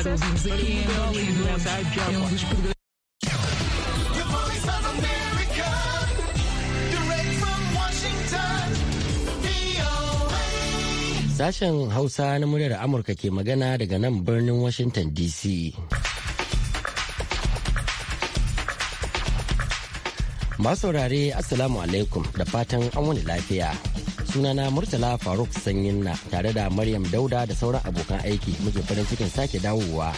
Sashen Hausa na muryar Amurka ke magana daga nan birnin Washington DC. Masaurare, Assalamu alaikum da fatan an wani lafiya. sunana Murtala Faruk Sanyinna tare da Maryam Dauda da sauran abokan aiki muke farin cikin sake dawowa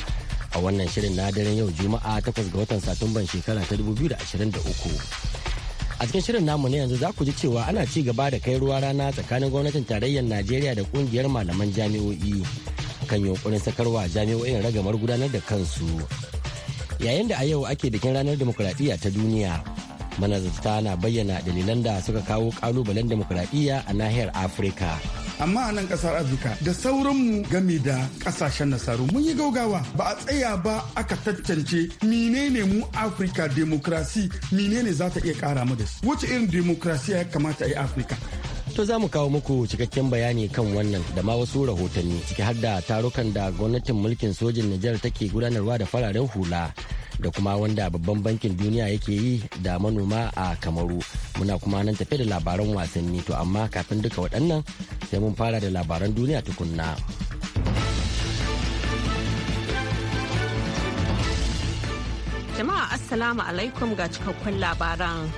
a wannan shirin na daren yau Juma'a takwas ga watan Satumban shekara ta 2023. a cikin shirin namu ne yanzu za ku ji cewa ana ci gaba da kai ruwa rana tsakanin gwamnatin tarayyar najeriya da kungiyar malaman jami'o'i kan yunkurin sakarwa jami'o'in ragamar gudanar da kansu yayin da a yau ake bikin ranar demokuraɗiyya ta duniya manazarta na bayyana dalilan da suka kawo kalubalen demokuraɗiyya a nahiyar afirka amma a nan kasar afirka da sauranmu game da kasashen nasaru mun yi gaugawa ba a tsaya ba aka tantance menene mu afirka demokrasi menene za ta iya kara mu da su wace irin demokrasi ya kamata a yi afirka To za mu kawo muku cikakken bayani kan wannan da ma wasu rahotanni ciki har da tarukan da gwamnatin mulkin sojin Nijar take gudanarwa da fararen hula da kuma wanda babban bankin duniya yake yi da manoma a Kamaru. Muna kuma nan tafe da labaran wasanni to amma kafin duka waɗannan sai mun fara da labaran duniya tukunna. Jama'a Assalamu alaikum ga cikakkun labaran.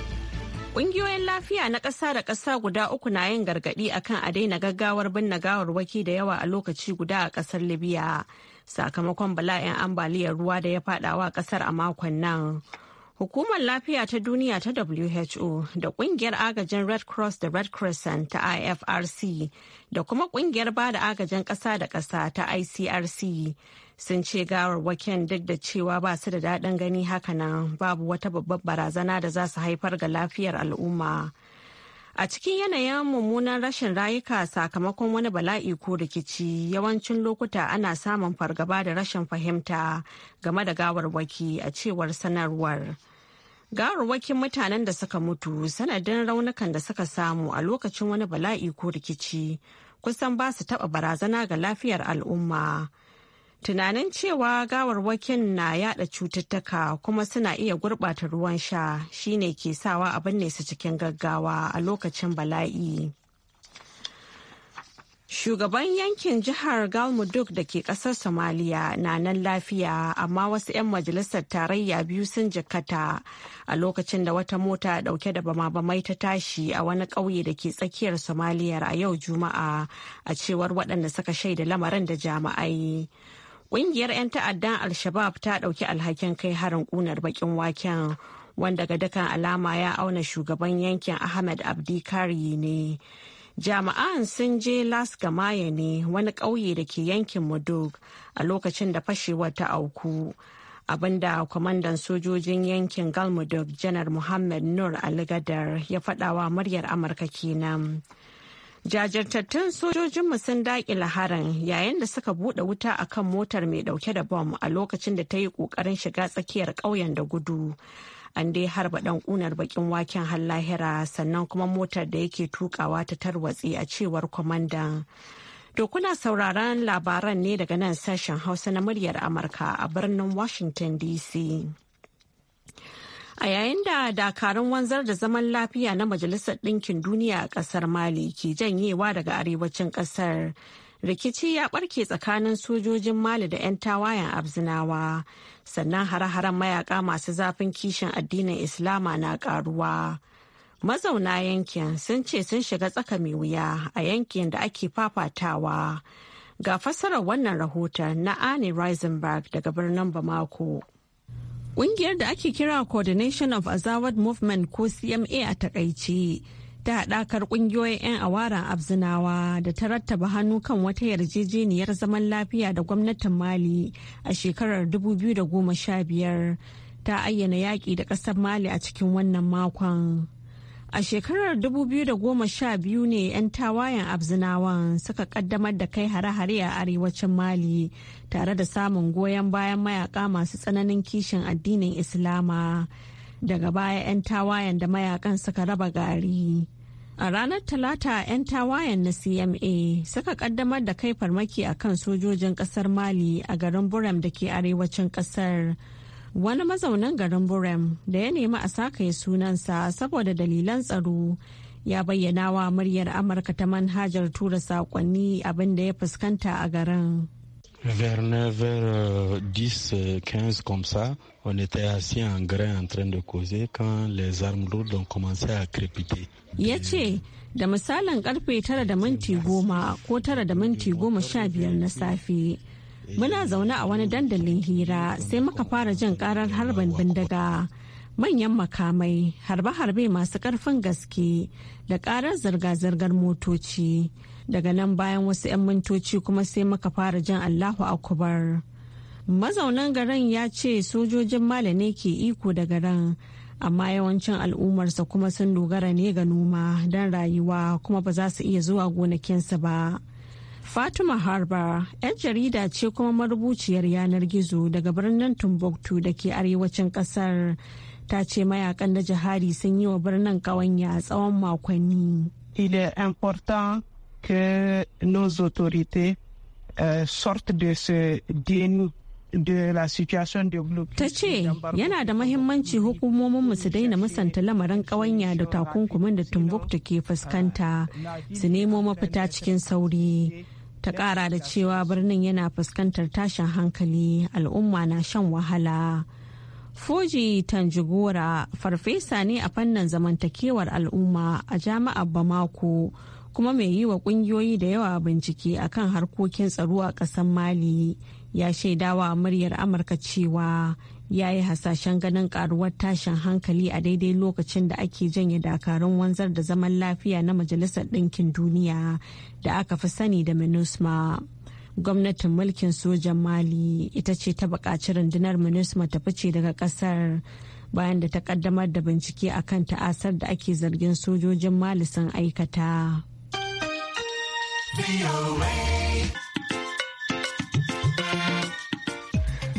Ƙungiyoyin lafiya na ƙasa da ƙasa guda uku na yin gargaɗi akan a daina gaggawar binne gawarwaki da yawa a lokaci guda a ƙasar Libya sakamakon bala'in ambaliyar ruwa da ya faɗawa ƙasar a makon nan. Hukumar Lafiya ta Duniya ta WHO da ƙungiyar agajin Red Cross da Red Crescent ta IFRC da kuma kungiyar bada agajin ƙasa da ƙasa ta ICRC sun ce gawarwakin duk da cewa ba su da daɗin gani hakanan babu wata babbar barazana da za su haifar ga lafiyar al'umma. A cikin yanayin mummunan rashin rayuka sakamakon wani bala'i ko rikici yawancin lokuta ana samun fargaba da rashin fahimta game da gawarwaki a cewar sanarwar. Gawarwakin mutanen da suka mutu sanadin raunukan da suka samu a lokacin wani bala'i ko rikici kusan ba su taɓa barazana ga lafiyar al'umma. tunanin cewa gawarwakin na yada cututtuka kuma suna iya gurɓata ruwan sha shine ke sawa a binne su cikin gaggawa a lokacin bala'i shugaban yankin jihar galmudug da ke kasar somaliya na nan lafiya amma wasu 'yan majalisar tarayya biyu sun jikkata a lokacin da wata mota dauke da bama-bamai ta tashi a wani ƙauye da ke tsakiyar somaliyar a yau juma'a a cewar waɗanda suka shaida lamarin da jama'ai. Ƙungiyar 'yan ta'addan Al-Shabab ta ɗauki alhakin kai harin ƙunar baƙin waken wanda ga dukkan alama ya auna shugaban yankin Ahmed Abdi Kari ne. jama'an sun je Las Gamaya ne wani ƙauye da ke yankin Mudug a lokacin da fashewar ta auku. abinda kwamandan sojojin yankin galmudug janar muhammad nur aligadar ya fadawa muryar amurka kenan. jajirtattun sojojinmu sun daƙile harin yayin da suka buɗe wuta a kan motar mai ɗauke da bom a lokacin da ta yi ƙoƙarin shiga tsakiyar ƙauyen da gudu an dai harba ɗan ƙunar bakin waken har sannan kuma motar da yake tukawa ta tarwatse a cewar kwamandan to kuna sauraron labaran ne daga nan sashen hausa na muryar amurka a birnin washington dc a yayin da dakarun wanzar da zaman lafiya na majalisar ɗinkin duniya a ƙasar mali ke janyewa daga arewacin ƙasar rikici ya ɓarke tsakanin sojojin mali da 'yan tawayen abzinawa sannan hare-haren mayaka masu zafin kishin addinin islama na ƙaruwa mazauna yankin sun ce sun shiga tsaka mai wuya a yankin da ake fafatawa ga fassarar wannan rahoton na annie reisenberg daga birnin bamako Ƙungiyar da ake kira Coordination of Azawad Movement ko CMA a takaice ta haɗakar ƙungiyoyin 'yan awaran abzinawa da ta rattaba hannu kan wata yarjejeniyar zaman lafiya da gwamnatin Mali a shekarar 2015 ta ayyana yaƙi da ƙasar Mali a cikin wannan makon. A shekarar 2012 ne 'yan tawayen Abzinawan suka kaddamar da kai hare-hare a arewacin Mali tare da samun goyon bayan mayaka masu tsananin kishin addinin Islama. Daga baya 'yan tawayen da mayakan suka raba gari. A ranar Talata 'yan tawayen na CMA suka kaddamar da kai farmaki a kan sojojin kasar Mali a garin Buram da ke arewacin kasar wani mazaunin garin burem da ya nemi a ya sunansa saboda dalilan tsaro ya bayyana wa muryar amurka ta manhajar tura saƙonni abinda ya fuskanta a garin euh, euh, Ya ce, da misalin karfe tara da minti 10 ko tara da minti goma na safe. Muna zaune a wani dandalin hira sai muka fara jin karar harbin bindiga. Manyan makamai, harbe-harbe masu ƙarfin gaske da ƙarar zirga-zirgar motoci. Daga nan bayan wasu 'yan mintoci kuma sai muka fara jin Allahu Akubar. Mazaunan garin ya ce sojojin mala ne ke iko da garin. amma yawancin al'ummarsa kuma sun dogara ne ga noma don rayuwa kuma ba za su iya zuwa gonakinsu ba. Fatima Harba, 'yar jarida ce kuma marubuciyar yanar gizo daga birnin tumbuktu da ke arewacin kasar. Ta ce mayakan na jihari sun yi wa birnin ƙawanya a tsawon makonni. Il important que nos autorités euh, de ce Ta ce yana da mahimmanci hukumominmu su daina musanta lamarin ƙawanya da takunkumin da Timbuktu ke fuskanta su nemo mafita cikin sauri. ta kara da cewa birnin yana fuskantar tashin hankali al'umma na shan wahala fuji tanjigora farfesa ne a fannin zamantakewar al'umma a jami'ar bamako kuma mai yi wa kungiyoyi da yawa bincike akan harkokin tsaro a kasan mali ya shaidawa muryar amurka cewa ya yi hasashen ganin karuwar tashin hankali a daidai lokacin da ake janye dakarun wanzar da zaman lafiya na majalisar ɗinkin duniya da aka fi sani da minusma gwamnatin mulkin sojan mali ita ce ta buƙaci rundunar minusma ta fice daga ƙasar bayan da ta ƙaddamar da bincike akan ta'asar da ake zargin sojojin mali sun aikata.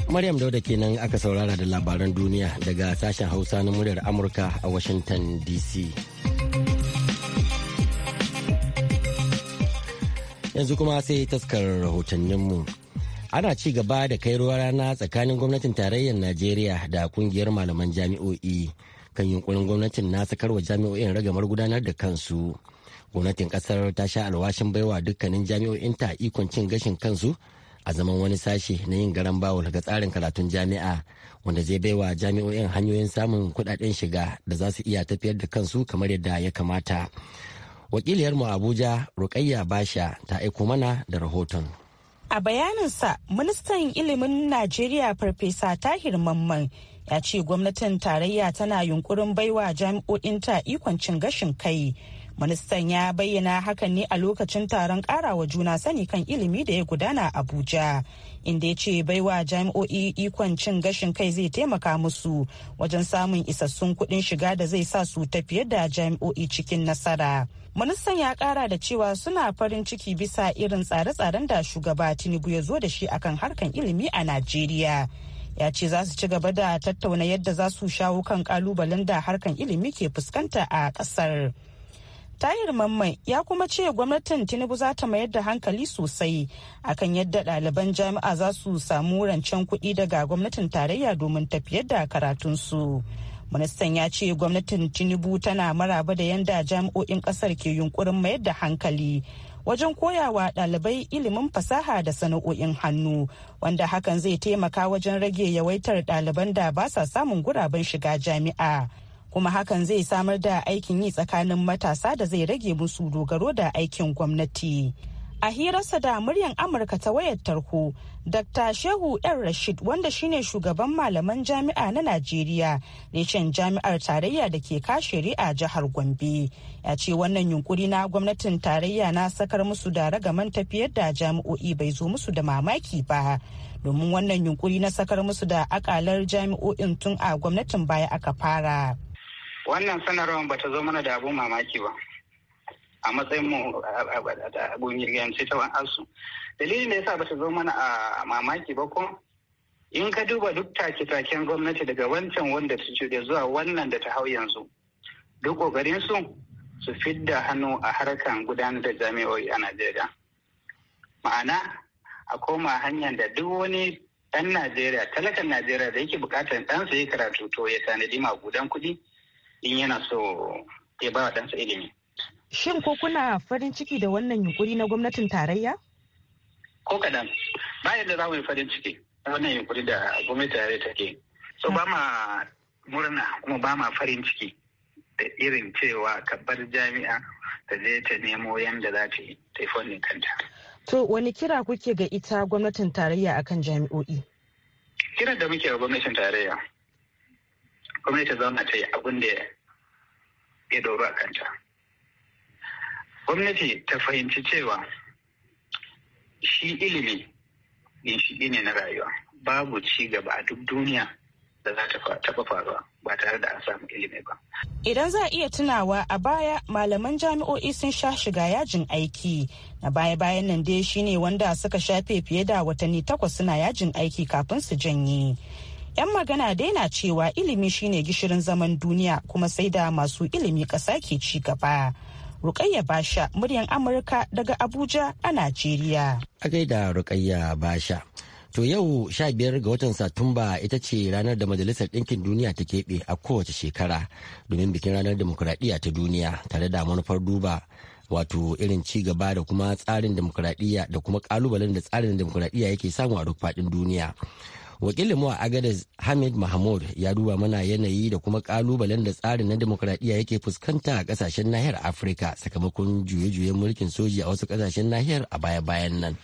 Maryam Dauda kenan aka saurara da labaran duniya daga sashen Hausa na muryar Amurka a Washington DC. Yanzu kuma sai taskar rahotanninmu. Ana ci gaba da kai ruwa rana tsakanin gwamnatin tarayyar Najeriya da kungiyar malaman jami'o'i kan yunkurin gwamnatin na sakarwa jami'o'in ragamar gudanar da kansu. Gwamnatin kasar ta sha alwashin baiwa dukkanin jami'o'in ta ikon cin gashin kansu a zaman wani sashe na yin garan bawo ga tsarin karatun jami'a wanda zai baiwa jami'o'in hanyoyin samun kudaden shiga da za su iya tafiyar da kansu kamar yadda ya kamata wakiliyarmu abuja rukayya basha ta aiko mana da rahoton a bayaninsa ministan ilimin najeriya farfesa tahir mamman ya ce gwamnatin tarayya tana yunkurin baiwa jami'o'inta ikon cin gashin kai Ministan ya bayyana hakan ne a lokacin taron karawa juna sani kan ilimi da ya gudana Abuja. Inda ya ce baiwa jami'o'i ikon cin gashin kai zai taimaka musu wajen samun isassun kuɗin shiga da zai sa su tafiye da jami'o'i cikin nasara. Ministan ya kara da cewa suna farin ciki bisa irin tsare-tsaren da shugaba Tinubu ya zo da shi akan harkan ilimi a Najeriya. ya ce za su ci gaba da tattauna yadda za su shawo kan kalubalen da harkan ilimi ke fuskanta a kasar. tahir mamman ya kuma ce gwamnatin tinubu za ta mayar da hankali sosai akan yadda ɗaliban jami'a za su samu rancen kuɗi daga gwamnatin tarayya domin tafiyar da karatunsu ministan ya ce gwamnatin tinubu tana maraba da yadda jami'o'in ƙasar ke yunkurin mayar da hankali wajen koyawa ɗalibai ilimin fasaha da sana'o'in hannu wanda hakan zai taimaka wajen rage yawaitar ɗaliban da ba sa samun guraben shiga jami'a kuma hakan zai samar da aikin yi tsakanin matasa da zai rage musu dogaro da aikin gwamnati. a hirarsa da muryan amurka ta wayar tarho dr shehu yan rashid wanda shine shugaban malaman jami'a na najeriya reshen jami'ar tarayya da ke kashiri a jihar gombe ya ce wannan yunkuri na gwamnatin tarayya na sakar musu da ragaman tafiyar da jami'o'i bai zo musu da mamaki ba domin wannan yunkuri na sakar musu da akalar jami'o'in tun a gwamnatin baya aka fara wannan sanarwar ba ta zo mana da abun mamaki ba a matsayin mu a gungiyance ta asu dalilin da ya sa ba ta zo mana a mamaki ba ko in ka duba duk take-taken gwamnati daga wancan wanda ta cuɗe zuwa wannan da ta hau yanzu duk ƙoƙarin su su fidda hannu a harkan gudanar da jami'o'i a najeriya ma'ana a koma hanyar da duk wani ɗan najeriya talakan najeriya da yake buƙatar ɗansa ya karatu to ya tanadi magudan kuɗi in yana so ya ba wa ɗansa ilimi. Shin ko kuna farin ciki da wannan yunkuri na gwamnatin tarayya? Ko kaɗan, ba da za mu yi farin ciki wannan yunkuri da gwamnatin tarayya take. So ba ma murna kuma ba ma farin ciki da irin cewa ka bar jami'a da zai ta nemo yadda za ta yi ta yi kanta. To wani kira kuke ga ita gwamnatin tarayya akan jami'o'i? Kiran da muke ga gwamnatin tarayya gwamnati zauna ta yi abin da ya doro a kanta gwamnati ta fahimci cewa shi ilimi ginshiƙi ne na rayuwa babu ci gaba a duk duniya da za ta taba faruwa ba tare da an samu ilimi ba. Idan za a iya tunawa a baya malaman jami'o'i sun sha shiga yajin aiki. Na baya-bayan nan dai shine wanda suka shafe fiye da watanni takwas suna yajin aiki kafin su janye. 'Yan magana dai na cewa ilimi shine gishirin zaman duniya kuma sai da masu ilimi ƙasa ke ci gaba. Rukayya Basha muryan Amurka daga Abuja a Najeriya. A gaida Rukayya Basha. To yau sha biyar ga watan Satumba ita ce ranar da Majalisar Ɗinkin Duniya ta keɓe a kowace shekara domin bikin ranar demokuraɗiyya ta duniya tare da manufar duba wato irin ci gaba da kuma tsarin demokuraɗiyya da kuma ƙalubalen da tsarin demokuraɗiyya yake samu a duk faɗin duniya. wakilin mu a agadez hamid mahmud ya duba mana yanayi da kuma kalubalen da tsarin na demokradiyya yake fuskanta a kasashen nahiyar afirka sakamakon juye-juyen mulkin soji a wasu kasashen nahiyar a baya-bayan nan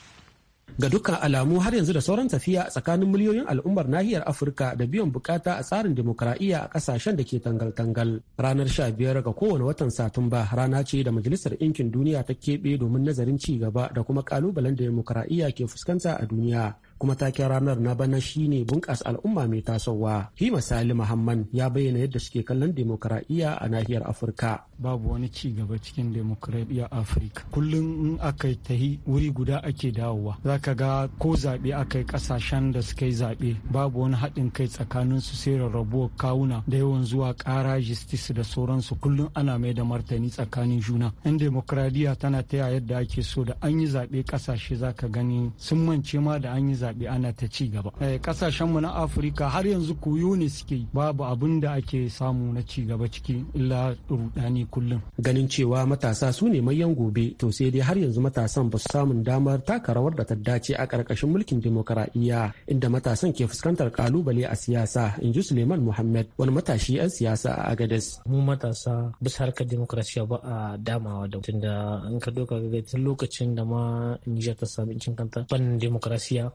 ga dukkan alamu har yanzu da sauran tafiya tsakanin miliyoyin al'ummar nahiyar afirka da biyan bukata a tsarin demokradiyya a kasashen da ke tangal-tangal ranar sha biyar ga kowane watan satumba rana ce da majalisar ɗinkin duniya ta keɓe domin nazarin ci gaba da kuma kalubalen da demokradiyya ke fuskanta a duniya kuma taken ranar na bana shine bunƙasa al'umma mai tasowa hima sali muhammad ya bayyana yadda suke kallon demokuraɗiyya a nahiyar afirka babu wani ci gaba cikin demokaradiyya afirka kullum in aka tahi wuri guda ake dawowa Za ka ga ko zaɓe aka yi ƙasashen da suka yi zaɓe babu wani haɗin kai tsakanin su sai rarrabuwar kawuna da yawan zuwa ƙara justice da sauransu kullum ana mai da martani tsakanin juna in demokaradiyya tana taya yadda ake so da an yi zaɓe ƙasashe za ka gani sun mance ma da an yi zaɓe zaɓe ana ta ci gaba eh, mu na afirka har yanzu koyo ne suke babu abin da ake samu na ci gaba ciki illa rudani kullum ganin cewa matasa su ne mayan gobe to sai dai har yanzu matasan ba su samun damar taka rawar da ta dace a ƙarƙashin mulkin demokaradiyya inda matasan ke fuskantar kalubale a siyasa in ji suleiman muhammad wani matashi 'yan siyasa a Agadez. mu matasa ba su harkar demokrasiya ba a damawa da tunda in ka doka ga tun lokacin da ma nijar ta sami cin kanta ban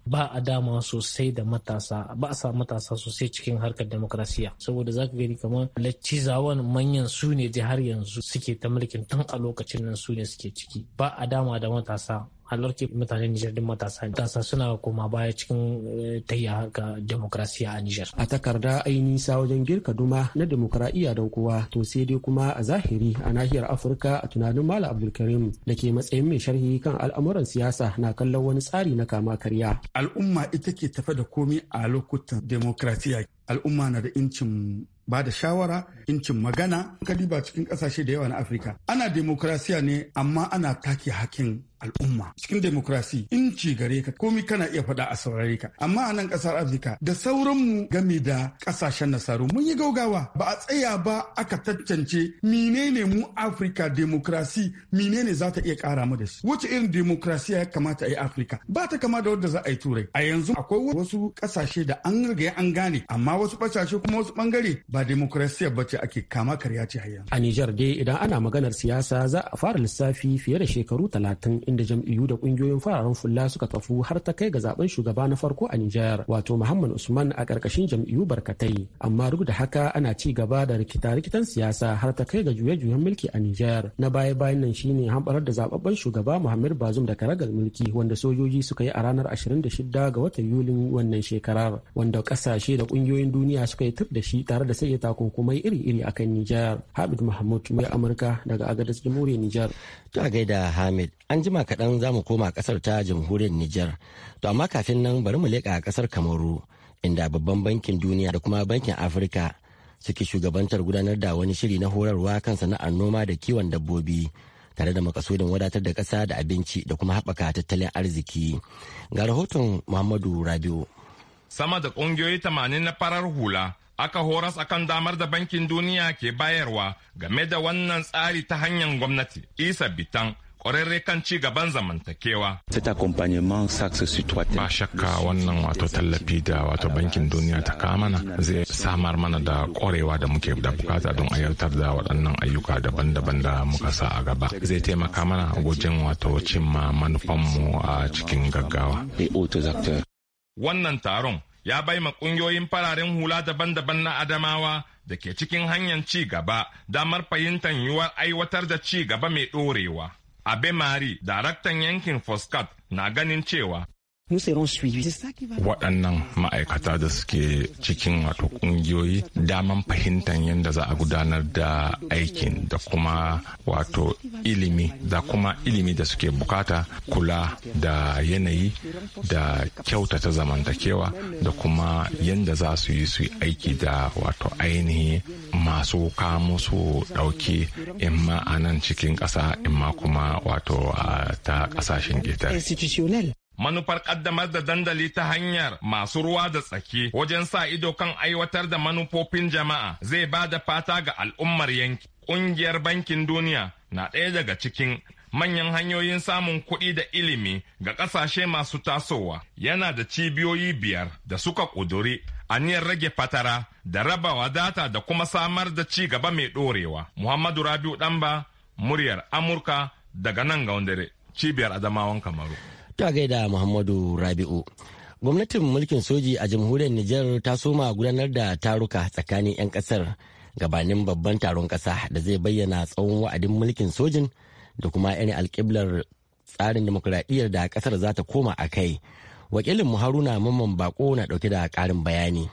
ba a dama sosai da matasa ba a sa matasa sosai cikin harkar demokrasiya saboda zaka gani kamar laccizawan manyan su ne har yanzu suke ta mulkin tun a lokacin nan su ne suke ciki ba a dama da matasa halarci mutanen Nijar din matasa matasa suna koma baya cikin eh, tayya ga demokrasiya a Nijar. A takarda ai nisa wajen girka duma na demokradiyya don kowa to sai dai kuma a zahiri a nahiyar Afirka a tunanin Malam Abdulkarim da ke matsayin mai sharhi kan al'amuran siyasa na kallon wani tsari na kama karya. Al'umma ita ke tafe da komi a lokutan demokrasiya. Al'umma na da incin ba da shawara incin magana kadi ba cikin kasashe da yawa na afirka ana demokrasiya ne amma ana take hakin al'umma cikin demokrasi in ci gare ka komi kana iya faɗa a saurare ka amma a nan ƙasar afirka da sauranmu game da ƙasashen nasaru mun yi gaugawa ba a tsaya ba aka tantance menene mu afirka demokrasi menene za ta iya ƙara mu da shi wace irin demokrasi ya kamata a yi afirka ba ta kama da wadda za a yi turai a yanzu akwai wasu ƙasashe da an riga an gane amma wasu ƙasashe kuma wasu ɓangare ba demokrasiya ba ce ake kama karya ce a yanzu a Nijar dai idan ana maganar siyasa za a fara lissafi fiye da shekaru talatin inda jam'iyyu da kungiyoyin fararen fulla suka kafu har ta kai ga zaben shugaba na farko a Nijar wato Muhammad Usman a ƙarƙashin jam'iyyu barkatai amma duk da haka ana ci gaba da rikita-rikitan siyasa har ta kai ga juye-juyen mulki a Nijar na baya-bayan nan shine hamɓarar da zababben shugaba Muhammad Bazum da karagar mulki wanda sojoji suka yi a ranar 26 ga watan Yulin wannan shekarar wanda ƙasashe da ƙungiyoyin duniya suka yi tur da shi tare da sanya takunkumai iri-iri akan Nijar Habib Mahmud mai Amurka daga Agadez Jamhuriyar Nijar Ta gai gaida Hamid, an jima kaɗan za mu koma ƙasar ta jamhuriyar Nijar. To amma kafin nan bari mu leƙa ƙasar Kamaru, inda babban bankin duniya da kuma bankin Afirka suke shugabantar gudanar da wani shiri na horarwa kan sana'ar noma da kiwon dabbobi. tare da makasudin wadatar da ƙasa da abinci da kuma haɓaka tattalin arziki. Ga rahoton Muhammadu Rabiu. Sama da ƙungiyoyi tamanin na farar hula aka horas akan damar da bankin duniya ke bayarwa game da wannan tsari ta hanyar gwamnati isa bitan ƙwararre kan ci gaban zamantakewa. Ba shakka wannan wato tallafi da wato bankin duniya ta kamana zai samar mana da ƙwarewa da muke da bukata don ayyautar da waɗannan ayyuka daban-daban da muka sa a gaba. Zai taimaka mana wajen wato cimma manufanmu a cikin gaggawa. Wannan taron ya bai ma ƙungiyoyin fararen hula daban-daban na Adamawa da ke cikin hanyar ci gaba damar fahimtar yiwuwar aiwatar da ci gaba mai ɗorewa. Abe Mari, daraktan yankin Foscat, na ganin cewa waɗannan ma'aikata da suke cikin wato ƙungiyoyi daman fahimtar yadda za a gudanar da aikin da kuma wato ilimi da kuma ilimi da suke bukata kula da yanayi da kyautata zamantakewa da kuma yadda za su yi su aiki da wato ainihi masu kamo su ɗauki in ma a nan cikin ƙasa in ma kuma wato ta ƙasashen ƙetare manufar ƙaddamar da dandali ta hanyar masu ruwa da tsaki wajen sa ido kan aiwatar da manufofin jama'a zai ba da fata ga al'ummar yanki ƙungiyar bankin duniya na ɗaya daga cikin manyan hanyoyin samun kuɗi da ilimi ga ƙasashe masu tasowa yana da cibiyoyi biyar da suka ƙuduri aniyar rage fatara da raba wadata da kuma samar da ci gaba mai ɗorewa muhammadu rabiu ɗanba muryar amurka daga nan ga cibiyar adamawan kamaru Ta gaida Muhammadu Rabi'u. Gwamnatin mulkin soji a jamhuriyar Nijar ta soma gudanar da taruka tsakanin 'yan kasar gabanin babban taron kasa da zai bayyana tsawon wa'adin mulkin sojin da kuma yan alkiblar tsarin dimokuraɗiyyar da kasar za ta koma a kai. Wakilin Haruna Mamman Bako na ɗauke da ƙarin bayani.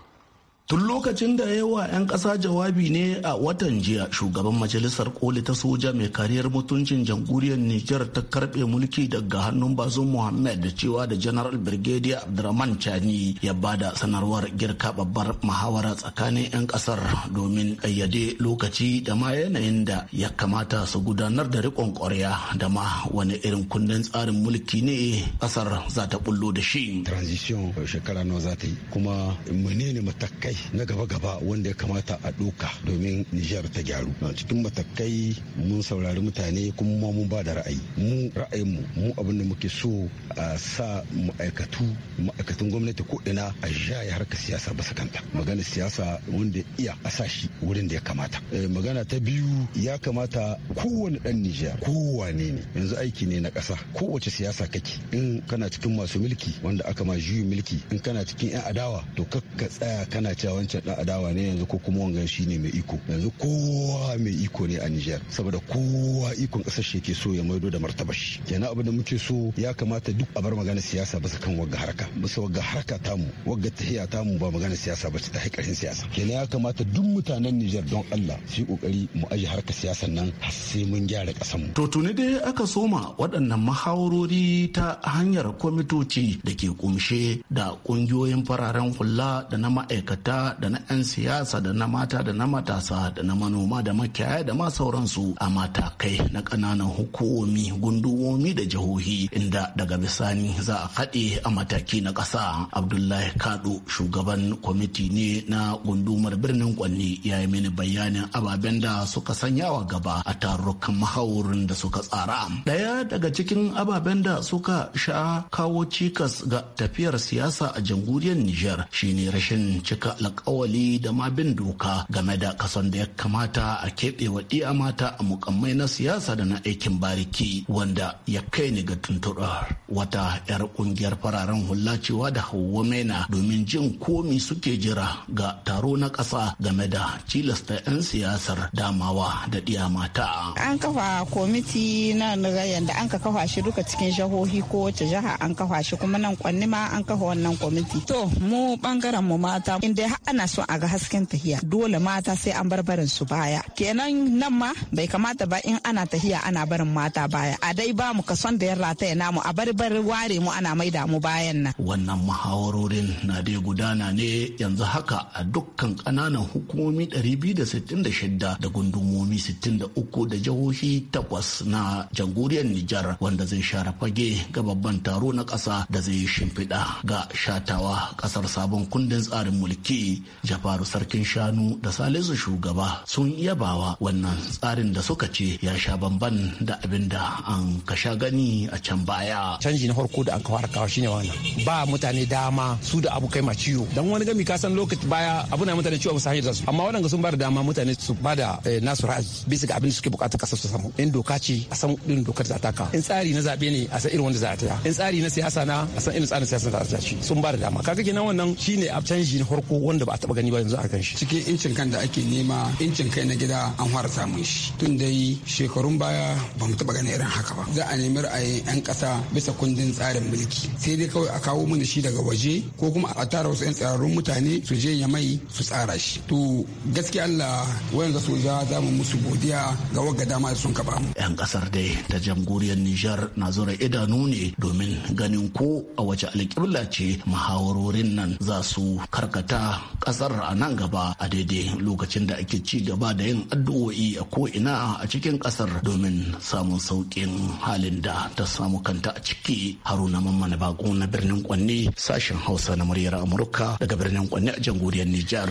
Tun lokacin da ya wa 'yan ƙasa jawabi ne a watan jiya shugaban majalisar koli ta soja mai kariyar mutuncin jamhuriyar Nijar ta karɓe mulki daga hannun bazon Muhammad da cewa da General Brigadier Abdurrahman Chani ya bada sanarwar girka babbar muhawara tsakanin 'yan ƙasar domin ayyade lokaci da ma yanayin da ya kamata su gudanar da riƙon ƙwarya da ma wani irin kundin tsarin mulki ne ƙasar za ta bullo da shi. Transition shekara nawa za ta yi kuma menene matakai matakai na gaba-gaba wanda ya kamata a ɗoka domin Nijar ta gyaru. Cikin matakai mun saurari mutane kuma mun ba da ra'ayi. Mu ra'ayinmu mu abin da muke so a sa ma'aikatu ma'aikatan gwamnati ko ina a jaye harkar siyasa basakanta kanta. Magana siyasa wanda iya a sa shi wurin da ya kamata. Eh, magana ta biyu ya kamata kowane dan Nijar kowane ne yanzu aiki ne na ƙasa kowace siyasa kake in kana cikin masu mulki wanda aka ma juyi mulki in kana cikin 'yan adawa to ka tsaya kana cewa wancan dan adawa ne yanzu ko kuma wanga shi ne mai iko yanzu kowa mai iko ne a Nijar saboda kowa ikon kasar shi ke so ya maido da martabar shi kenan abin da muke so ya kamata duk a bar magana siyasa bisa kan wagga haraka bisa wagga haraka tamu wagga tahiya tamu ba magana siyasa ba ta haƙarin siyasa kenan ya kamata duk mutanen Nijar don Allah su yi kokari mu aje harka siyasar nan har sai mun gyara kasar mu to tuni dai aka soma waɗannan mahawarori ta hanyar kwamitoci da ke kumshe da ƙungiyoyin fararen hula da na ma'aikata mata da na 'yan siyasa da na mata da na matasa da na manoma da makiyaya da ma sauransu a matakai na ƙananan hukumomi gunduwomi da jihohi inda daga bisani za a haɗe a mataki na ƙasa abdullahi kado shugaban kwamiti ne na gundumar birnin kwanni. ya yi mini bayanin ababen da suka sanya wa gaba a tarurrukan mahaurin da suka tsara ɗaya daga cikin ababen da suka sha kawo cikas ga tafiyar siyasa a jamhuriyar niger shine rashin cika alkawali da ma bin doka game da kasan da ya kamata a keɓe wa ɗiya mata a mukammai na siyasa da na aikin bariki wanda ya kai ni ga tuntuɗar wata 'yar ƙungiyar fararen hula cewa da hauwa maina domin jin komi suke jira ga taro na ƙasa game da cilasta 'yan siyasar damawa da ɗiya mata. An kafa komiti na rayar da an ka kafa shi duka cikin jahohi ko wace jiha an kafa shi kuma nan kwanni ma an kafa wannan komiti. To mu bangaren mu mata inda ana so a ga hasken tahiya dole mata sai an bar barin su baya kenan nan ma bai kamata ba in ana tahiya ana barin mata baya a dai ba mu kason da ta rataya mu a bar bar ware mu ana maida mu bayan nan wannan muhawarorin na dai gudana ne yanzu haka a dukkan kananan hukumomi 266 da gundumomi 63 da jihohi takwas na jamhuriyar Nijar wanda zai share fage ga babban taro na ƙasa da zai shimfiɗa ga shatawa ƙasar sabon kundin tsarin mulki Fatori, Jafaru Sarkin Shanu da Salisu Shugaba sun yabawa wannan tsarin da suka ce ya sha bamban da abin da an kasha gani a can baya. Canji na farko da an kawar kawo shine wannan. Ba mutane dama su da abu kai ma ciwo. Dan wani gami ka san lokaci baya abuna mutane ciwo ba su hanyar su. Amma waɗanda sun ba da dama mutane su ba da eh, nasu ra'ayi bisa ga abin da suke bukatar kasar su samu. In doka ce a san din dokar za ta ka. In tsari na zaɓe ne a san irin wanda za ta In tsari na siyasa na a san irin tsarin siyasa za ta ci. Sun ba da dama. Kaga kenan wannan shine a canji na farko wanda ba a taba gani ba yanzu a kan shi cikin incin kan da ake nema incin kai na gida an fara samun shi tun dai shekarun baya ba mu taba gani irin haka ba za a nemi ra'ayin yan kasa bisa kundin tsarin mulki sai dai kawai a kawo mana shi daga waje ko kuma a tara wasu yan tsararrun mutane su je ya mai su tsara shi to gaskiya Allah wayan ga soja za mu musu godiya ga wagga dama sun kaba mu yan kasar dai ta jamhuriyar Nijar na zura idanu ne domin ganin ko a wace alƙibla ce muhawarorin nan za su karkata kasar a nan gaba a daidai lokacin da ake ci gaba da yin addu'o'i a ko'ina a cikin kasar domin samun sauƙin halin da ta samu kanta a ciki haruna mamman bako na birnin kwanne sashen hausa na muryar amurka daga birnin kwanne a jamhuriyar nijar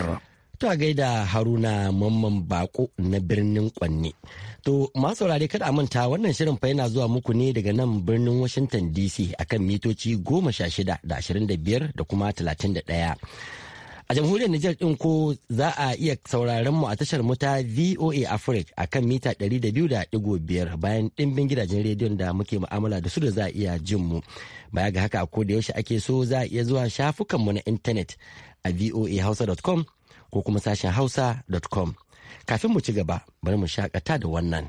ta gaida haruna mamman bako na birnin kwanne to masu saurare kada manta wannan shirin fa yana zuwa muku ne daga nan birnin washington dc akan mitoci goma sha shida da ashirin da biyar da kuma talatin da ɗaya A jamhuriyar Nijar ɗin ko za a iya sauraron mu a tashar muta VOA Africa a kan mita 200.5 bayan ɗimbin gidajen rediyon da muke mu'amala da su da za a iya jin mu. Baya ga haka ko da yaushe ake so za a iya zuwa shafukan mu na intanet a voahausa.com ko kuma sashen hausa.com. Kafin mu ci gaba bari mu shakata da wannan.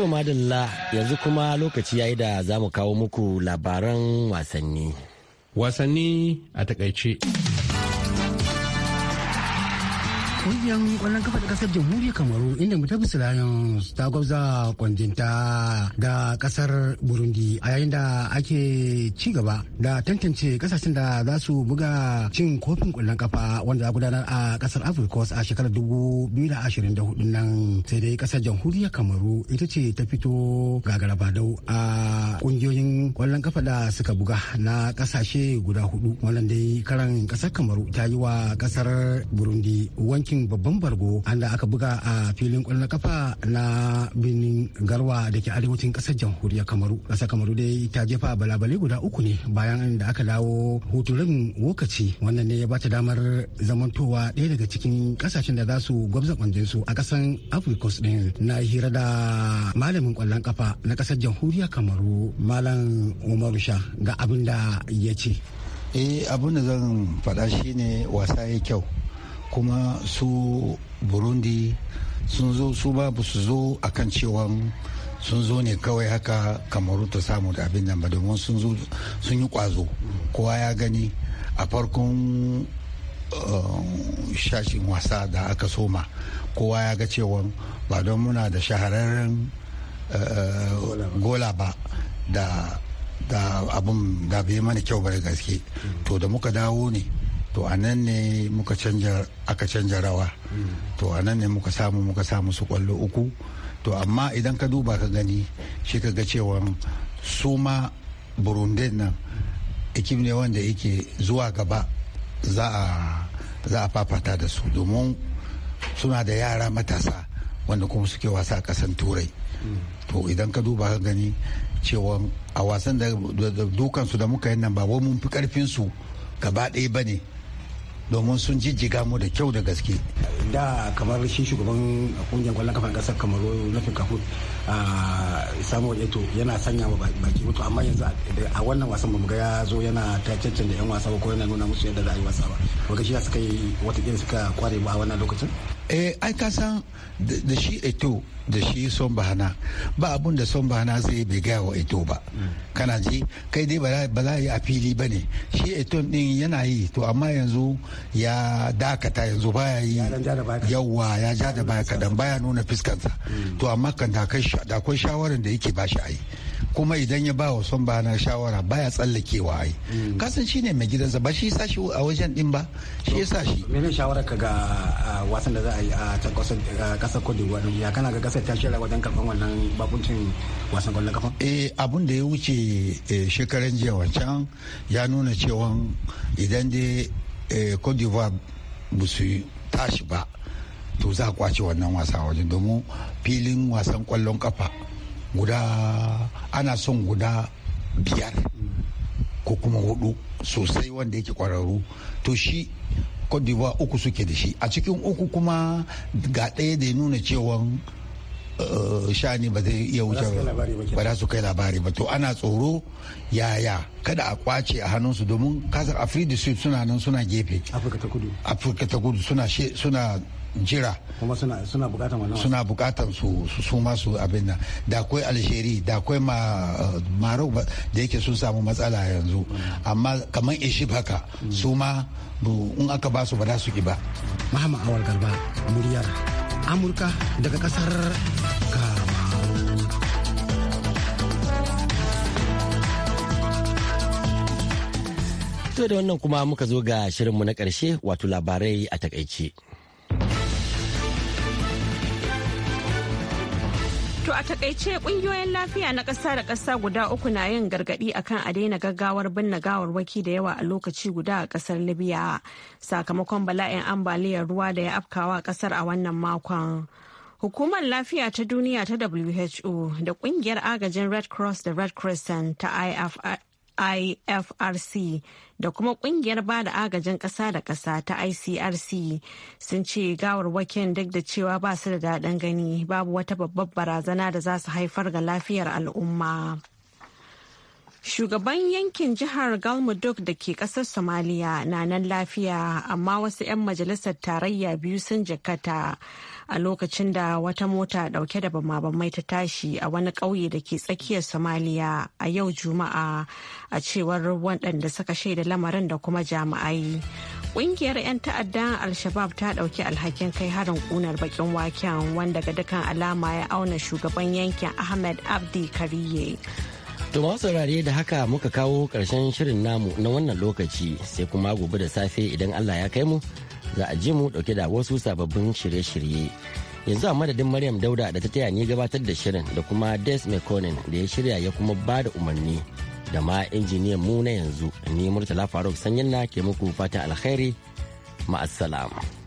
To madalla yanzu kuma lokaci yayi da za mu kawo muku labaran wasanni. Wasanni a takaice. Kungiyar kwallon kafa da kasar jamhuriyar Kamaru inda Mutabis Lions ta gwabza kwanjinta da kasar Burundi a yayin da ake ci gaba da tantance ƙasashen da za su buga cin kofin ƙwallon kafa wanda za gudanar a kasar Africos a shekarar 2024 nan sai dai kasar jamhuriyar Kamaru ita ce ta fito gagara badau a ƙungiyoyin ƙwallon kafa da suka buga na ƙasashe guda hudu wannan dai karan kasar Kamaru ta yi wa ƙasar Burundi wanki cikin babban bargo anda da aka buga a filin kwallon kafa na birnin garwa da ke arewacin kasar jamhuriyar kamaru kasar kamaru dai ta jefa balabale guda uku ne bayan da aka dawo hutun wokaci lokaci wannan ne ya bata damar zamantowa ɗaya daga cikin kasashen da za su gwabza kwanjin su a kasan africos din na hira da malamin kwallon kafa na kasar jamhuriyar kamaru malam umaru sha ga abin da ya ce eh abin da zan faɗa shine wasa ya kyau kuma su burundi sun zo su babu su zo akan cewa sun zo ne kawai haka kamaru ta samu da abin nan ba domin sun zo sun yi kwazo kowa ya gani a farkon eh, shashin wasa da aka soma kowa ya ga cewa ba don muna da shahararren eh, gola ba da abin da bai mana kyau ba da gaske to da muka dawo ne to a nan ne muka canja aka canja rawa to a nan ne muka samu muka samu su kwallo uku to amma idan ka duba ka gani shi ka ga cewa su ma burundin nan ekip ne wanda yake zuwa gaba za a fafata da su domin suna da yara matasa wanda kuma suke wasa a kasan turai to idan ka duba ka gani cewa a wasan da dukansu da muka yi nan ba mun fi karfin su gaba ɗaya ba ne domin sun jijjiga mu da kyau da gaske da kamar shi shugaban kungiyar kwallon kafa kasar kamaru na kafu a samuwar eto yana sanya wa baki wato amma yanzu a wannan wasan bamu ga ya zo yana ta da yan wasa ko yana nuna musu yadda za a yi wasa ba ga shi suka yi wata suka kware ba a wannan lokacin eh ai ka san da shi eto da shi son bahana ba abun da son bahana zai bai gaya wa eto ba kana ji kai dai ba za yi a fili ba ne shi eto din yana yi to amma yanzu ya dakata yanzu baya yi yawa ya ja da baya kadan baya nuna fiskansa mm. to amma kan da akwai shawarar da yake ba shi a yi kuma idan ya ba wa son ba na shawara baya tsallakewa ai hmm. kasan shi ne mai gidansa ba shi sa shi a wajen din ba shi ya sa shi mene shawara ka ga wasan da za a yi a can kasar kudu wani ya kana ga kasar ta shirya wajen karfan wannan bakuncin wasan kwallon kafa eh abun da ya wuce eh, shekaran jiya wancan ya nuna cewa idan dai eh, cote d'ivoire ba su tashi ba to za a kwace wannan wasa wajen domin filin wasan kwallon kafa guda ana son guda biyar ko kuma hudu sosai wanda yake kwararru to shi Cote uku suke da shi a cikin uku kuma ga ɗaya da ya nuna cewan eh, shani ba zai iya wuce ba za su kai labari ba to ana tsoro yaya kada a kwace a hannunsu domin kasar afirka suna nan suna gefe afirka ta kudu suna jira kuma suna bukatan su su masu abin nan da akwai alsheri da akwai eh, maro da yake sun samu matsala yanzu amma kamar ishib haka su ma in aka ba su ba za su ki ba mahama awal garba muryar amurka daga kasar To da wannan kuma muka zo ga shirinmu na ƙarshe wato labarai a takaice. To a takaice kungiyoyin lafiya na ƙasa da ƙasa guda uku na yin gargaɗi akan a daina gaggawar binne gawarwaki da yawa a lokaci guda a ƙasar Libya sakamakon bala'in ambaliyar ruwa da ya afkawa ƙasar a wannan makon. Hukumar Lafiya ta Duniya ta WHO da ƙungiyar agajin Red Cross da Red Crescent ta ifrc da kuma kungiyar ba da agajin kasa da kasa ta icrc sun ce gawarwakin duk da cewa ba su da daɗin gani babu wata babbar barazana da za su haifar ga lafiyar al'umma Shugaban yankin jihar Galmudug da ke kasar Somalia na nan lafiya amma wasu 'yan majalisar tarayya biyu sun jakata a lokacin da wata mota dauke da bamabamai ta tashi a wani kauye da ke tsakiyar Somalia a yau Juma'a a cewar waɗanda suka shaida lamarin da kuma jami'ai. Ƙungiyar 'yan ta'addan al shabab ta ɗauki alhakin kai harin ƙunar bakin waken wanda ga dukkan alama ya auna shugaban yankin Ahmed Abdi Kariye. To masu saurare da haka muka kawo ƙarshen shirin namu na wannan lokaci sai kuma gobe da safe idan Allah ya kai mu za a ji mu dauke da wasu sababbin shirye-shirye yanzu a madadin maryam dauda da ta taya ni gabatar da shirin da kuma des mekonin da ya shirya ya kuma ba da umarni da ma injiniyan mu na yanzu ni murtala faruk sanyin na ke muku fatan alkhairi ma'assalam.